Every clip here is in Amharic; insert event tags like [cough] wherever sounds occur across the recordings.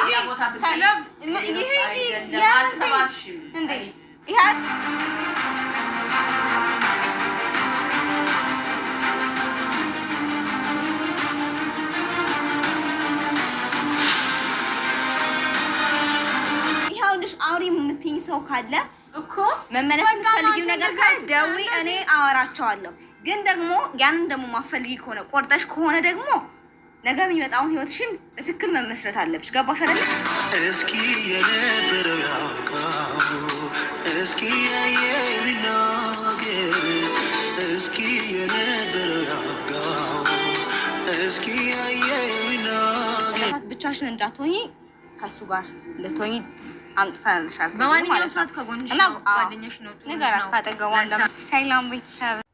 ይኸውልሽ አውሪ የምትይኝ ሰው ካለ እኮ መመለስ የምትፈልጊው ነገር ካለ እኔ አወራቸዋለሁ። ግን ደግሞ ያንን ደግሞ ማፈልጊ ከሆነ ቆርጠሽ ከሆነ ደግሞ ነገ የሚመጣውን ህይወትሽን በትክክል መመስረት አለብሽ። ገባሽ አለ እስኪ የነበረው እስኪ የሚናገር እስኪ የነበረው ያውጋው እስኪ የሚናገር ብቻሽን እንዳትሆኚ ከሱ ጋር እንደትሆኚ አምጥተንልሻል። በማንኛውም ሰዓት ከጎንሽ ጓደኛሽ ነው ነገራት ካጠገቧ ሰላም ቤተሰብ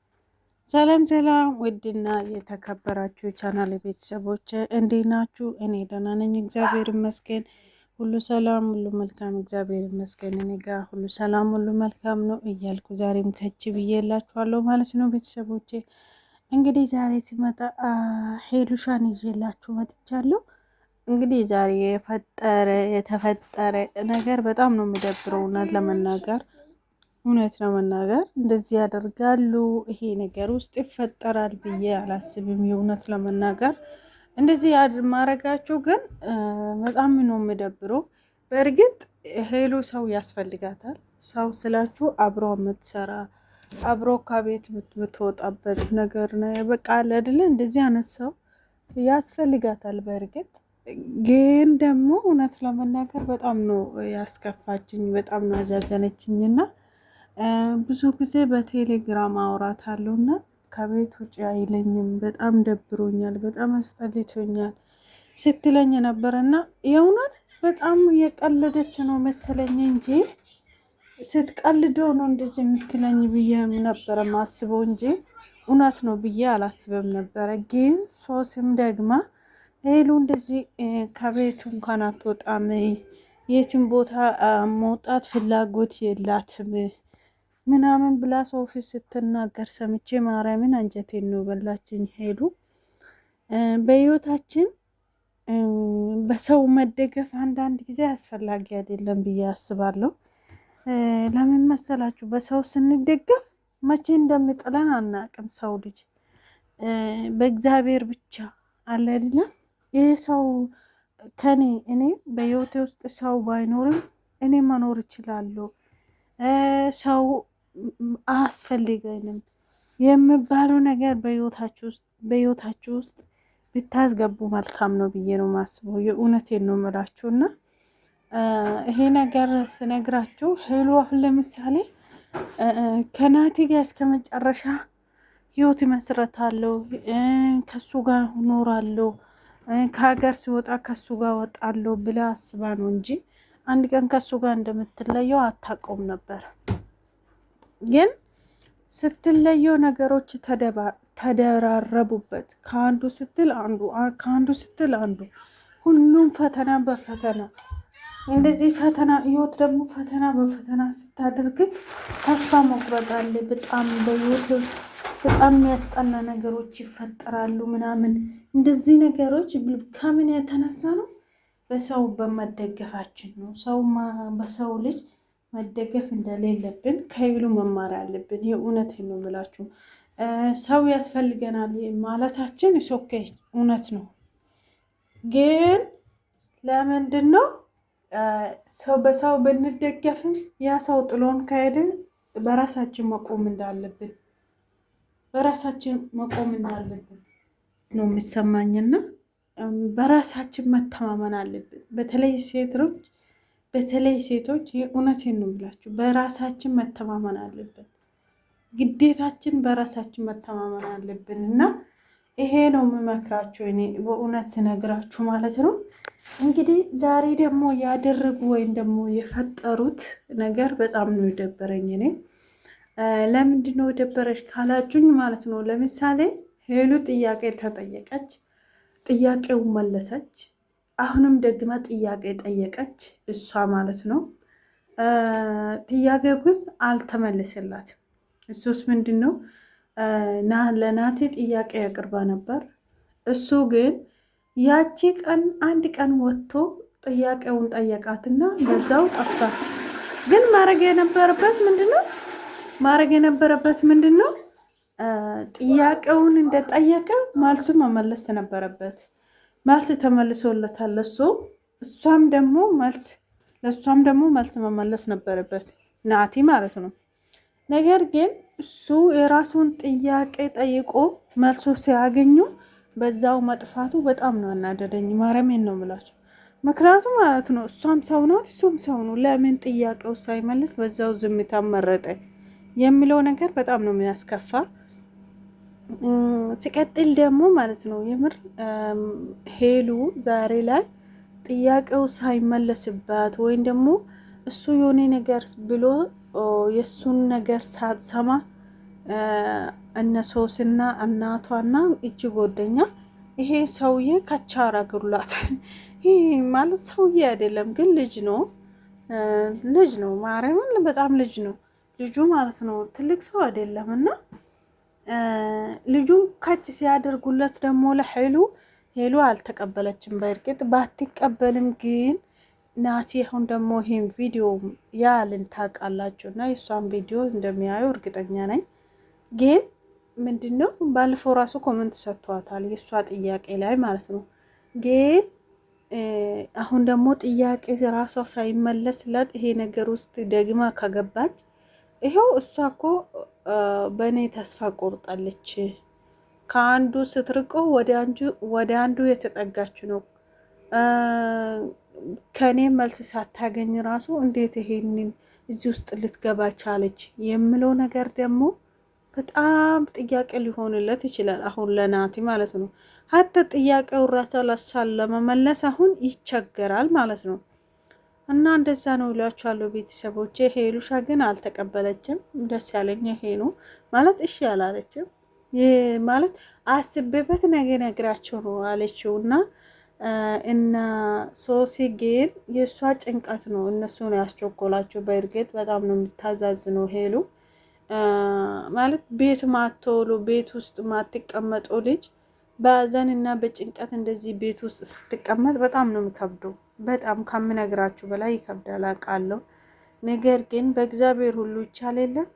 ሰላም ሰላም ውድና የተከበራችሁ ቻናል ቤተሰቦች እንዴት ናችሁ? እኔ ደህና ነኝ፣ እግዚአብሔር ይመስገን። ሁሉ ሰላም፣ ሁሉ መልካም፣ እግዚአብሔር ይመስገን። እኔ ጋር ሁሉ ሰላም፣ ሁሉ መልካም ነው እያልኩ ዛሬም ከች ብዬላችኋለሁ ማለት ነው ቤተሰቦቼ። እንግዲህ ዛሬ ሲመጣ ሄሉሻን ይዤላችሁ መጥቻለሁ። እንግዲህ ዛሬ የፈጠረ የተፈጠረ ነገር በጣም ነው የሚደብረው እውነት ለመናገር እውነት ለመናገር እንደዚህ ያደርጋሉ። ይሄ ነገር ውስጥ ይፈጠራል ብዬ አላስብም። የእውነት ለመናገር እንደዚህ ማድረጋቸው ግን በጣም ነው የምደብረው። በእርግጥ ሄሎ ሰው ያስፈልጋታል። ሰው ስላችሁ አብሮ የምትሰራ አብሮ ከቤት የምትወጣበት ነገር ነው። በቃ አይደለ እንደዚህ አይነት ሰው ያስፈልጋታል። በእርግጥ ግን ደግሞ እውነት ለመናገር በጣም ነው ያስከፋችኝ፣ በጣም ነው ያዛዘነችኝና ብዙ ጊዜ በቴሌግራም አውራት አለው እና ከቤት ውጭ አይለኝም፣ በጣም ደብሮኛል፣ በጣም አስጠልቶኛል ስትለኝ ነበር እና የእውነት በጣም የቀለደች ነው መሰለኝ እንጂ ስትቀልደው ነው እንደዚህ የምትለኝ ብዬም ነበረ ማስበው እንጂ እውነት ነው ብዬ አላስብም ነበረ። ግን ሶስም ደግማ ሄሉ እንደዚህ ከቤት እንኳን አትወጣም፣ የትም ቦታ መውጣት ፍላጎት የላትም ምናምን ብላ ሶፊ ስትናገር ሰምቼ ማርያምን አንጀቴን ነው በላችኝ። ሄሉ በህይወታችን በሰው መደገፍ አንዳንድ ጊዜ አስፈላጊ አይደለም ብዬ አስባለሁ። ለምን መሰላችሁ? በሰው ስንደገፍ መቼ እንደሚጥለን አናቅም። ሰው ልጅ በእግዚአብሔር ብቻ አለ አይደለም። ይህ ሰው ከኔ እኔ በህይወቴ ውስጥ ሰው ባይኖርም እኔ መኖር እችላለሁ ሰው አያስፈልገንም የምባለው ነገር በህይወታችሁ ውስጥ ብታስገቡ መልካም ነው ብዬ ነው ማስበው። የእውነቴን ነው ምላችሁ እና ይሄ ነገር ስነግራችሁ ህሉ አሁን ለምሳሌ ከናቲ ጋር እስከ መጨረሻ ህይወት ይመስረታለሁ፣ ከሱ ጋር ኖራለሁ፣ ከሀገር ሲወጣ ከሱ ጋር ወጣለሁ ብላ አስባ ነው እንጂ አንድ ቀን ከሱ ጋር እንደምትለየው አታውቀውም ነበር። ግን ስትለየው ነገሮች ተደራረቡበት። ከአንዱ ስትል አንዱ፣ ከአንዱ ስትል አንዱ፣ ሁሉም ፈተና በፈተና እንደዚህ ፈተና ህይወት ደግሞ ፈተና በፈተና ስታደርግ ተስፋ መቁረጥ አለ። በጣም በህይወት በጣም የሚያስጠላ ነገሮች ይፈጠራሉ ምናምን። እንደዚህ ነገሮች ከምን የተነሳ ነው? በሰው በመደገፋችን ነው። ሰው በሰው ልጅ መደገፍ እንደሌለብን ከይብሉ መማር አለብን። የእውነት ነው የምላችሁ ሰው ያስፈልገናል ማለታችን ሶኬ እውነት ነው። ግን ለምንድን ነው ሰው በሰው ብንደገፍም ያ ሰው ጥሎን ከሄድን በራሳችን መቆም እንዳለብን በራሳችን መቆም እንዳለብን ነው የሚሰማኝና በራሳችን መተማመን አለብን። በተለይ ሴቶች በተለይ ሴቶች የእውነቴን ነው የምላችሁ፣ በራሳችን መተማመን አለብን። ግዴታችን በራሳችን መተማመን አለብን እና ይሄ ነው የምመክራችሁ እኔ በእውነት ስነግራችሁ ማለት ነው። እንግዲህ ዛሬ ደግሞ ያደረጉ ወይም ደግሞ የፈጠሩት ነገር በጣም ነው የደበረኝ። እኔ ለምንድን ነው የደበረች ካላችሁኝ ማለት ነው ለምሳሌ ሄሉ ጥያቄ ተጠየቀች፣ ጥያቄውን መለሰች። አሁንም ደግማ ጥያቄ ጠየቀች፣ እሷ ማለት ነው። ጥያቄው ግን አልተመለሰላትም። እሱስ ምንድን ነው ለናቴ ጥያቄ ያቅርባ ነበር። እሱ ግን ያቺ ቀን አንድ ቀን ወጥቶ ጥያቄውን ጠየቃትና በዛው ጠፋ። ግን ማድረግ የነበረበት ምንድን ነው? ማድረግ የነበረበት ምንድን ነው? ጥያቄውን እንደጠየቀ ማልሱን መመለስ ነበረበት። መልስ ተመልሶለታል ለሱ እሷም ደግሞ መልስ ለእሷም ደግሞ መልስ መመለስ ነበረበት ናቲ ማለት ነው። ነገር ግን እሱ የራሱን ጥያቄ ጠይቆ መልሶ ሲያገኙ በዛው መጥፋቱ በጣም ነው ያናደደኝ። ማረሜን ነው የምላቸው። ምክንያቱም ማለት ነው እሷም ሰው ናት፣ እሱም ሰው ነው። ለምን ጥያቄው ሳይመልስ በዛው ዝምታ መረጠ የሚለው ነገር በጣም ነው የሚያስከፋ። ሲቀጥል ደግሞ ማለት ነው የምር ሄሉ ዛሬ ላይ ጥያቄው ሳይመለስባት ወይም ደግሞ እሱ የሆነ ነገር ብሎ የእሱን ነገር ሳትሰማ እነሶስና እናቷና እጅ ጎደኛ ይሄ ሰውዬ ከቻር ግሩላት [laughs] ይሄ ማለት ሰውዬ አይደለም፣ ግን ልጅ ነው ልጅ ነው ማርያምን፣ በጣም ልጅ ነው ልጁ ማለት ነው። ትልቅ ሰው አይደለም እና ልጁን ከች ሲያደርጉለት ደግሞ ለሄሉ ሄሉ አልተቀበለችም። በእርግጥ ባትቀበልም ግን ናቲ አሁን ደግሞ ይህን ቪዲዮ ያልን ታውቃላችሁ እና የእሷን ቪዲዮ እንደሚያዩ እርግጠኛ ነኝ። ግን ምንድን ነው ባለፈው ራሱ ኮመንት ሰጥቷታል የእሷ ጥያቄ ላይ ማለት ነው። ግን አሁን ደግሞ ጥያቄ ራሷ ሳይመለስላት ይሄ ነገር ውስጥ ደግማ ከገባች ይኸው እሷ እኮ በእኔ ተስፋ ቆርጣለች። ከአንዱ ስትርቆ ወደ አንዱ የተጠጋች ነው። ከእኔ መልስ ሳታገኝ ራሱ እንዴት ይሄንን እዚህ ውስጥ ልትገባ ቻለች የምለው ነገር ደግሞ በጣም ጥያቄ ሊሆንለት ይችላል። አሁን ለናቲ ማለት ነው። ሀተ ጥያቄው ራሳ ለመመለስ አሁን ይቸገራል ማለት ነው። እና እንደዛ ነው ይሏቸዋለሁ ቤተሰቦች። ሄሉሻ ግን አልተቀበለችም። ደስ ያለኝ ይሄ ነው ማለት እሺ አላለችም። ማለት አስቤበት ነገ ነግራቸው ነው አለችው እና እና ሶሲ ግን የእሷ ጭንቀት ነው እነሱ ነው ያስቸኮላቸው። በእርግጥ በጣም ነው የምታዛዝ ነው ሄሉ ማለት ቤት ማትውሉ ቤት ውስጥ ማትቀመጡ ልጅ በአዘን እና በጭንቀት እንደዚህ ቤት ውስጥ ስትቀመጥ በጣም ነው የሚከብደው። በጣም ከምነግራችሁ በላይ ይከብዳል አውቃለሁ። ነገር ግን በእግዚአብሔር ሁሉ ይቻል የለም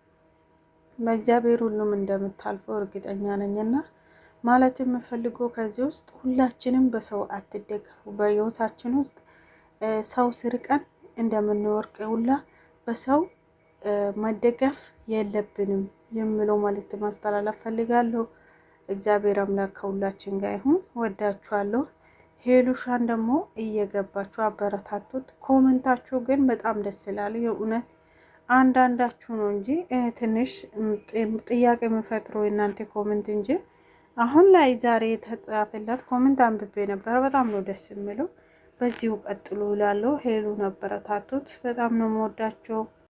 በእግዚአብሔር ሁሉም እንደምታልፈው እርግጠኛ ነኝና ማለት የምፈልገው ከዚህ ውስጥ ሁላችንም በሰው አትደገፉ። በህይወታችን ውስጥ ሰው ስርቀን እንደምንወርቅ ሁላ በሰው መደገፍ የለብንም የምለው መልእክት ማስተላለፍ ፈልጋለሁ። እግዚአብሔር አምላክ ከሁላችን ጋር ይሁን። ወዳችኋለሁ። ሄሉሻን ደግሞ እየገባችሁ አበረታቱት። ኮመንታችሁ ግን በጣም ደስ ይላል። የእውነት አንዳንዳችሁ ነው እንጂ ትንሽ ጥያቄ የምፈጥሮ እናንተ ኮመንት እንጂ አሁን ላይ ዛሬ የተጻፈላት ኮመንት አንብቤ ነበር። በጣም ነው ደስ የሚለው። በዚሁ ቀጥሉ ሄሉ ሄሉን አበረታቱት። በጣም ነው መወዳቸው።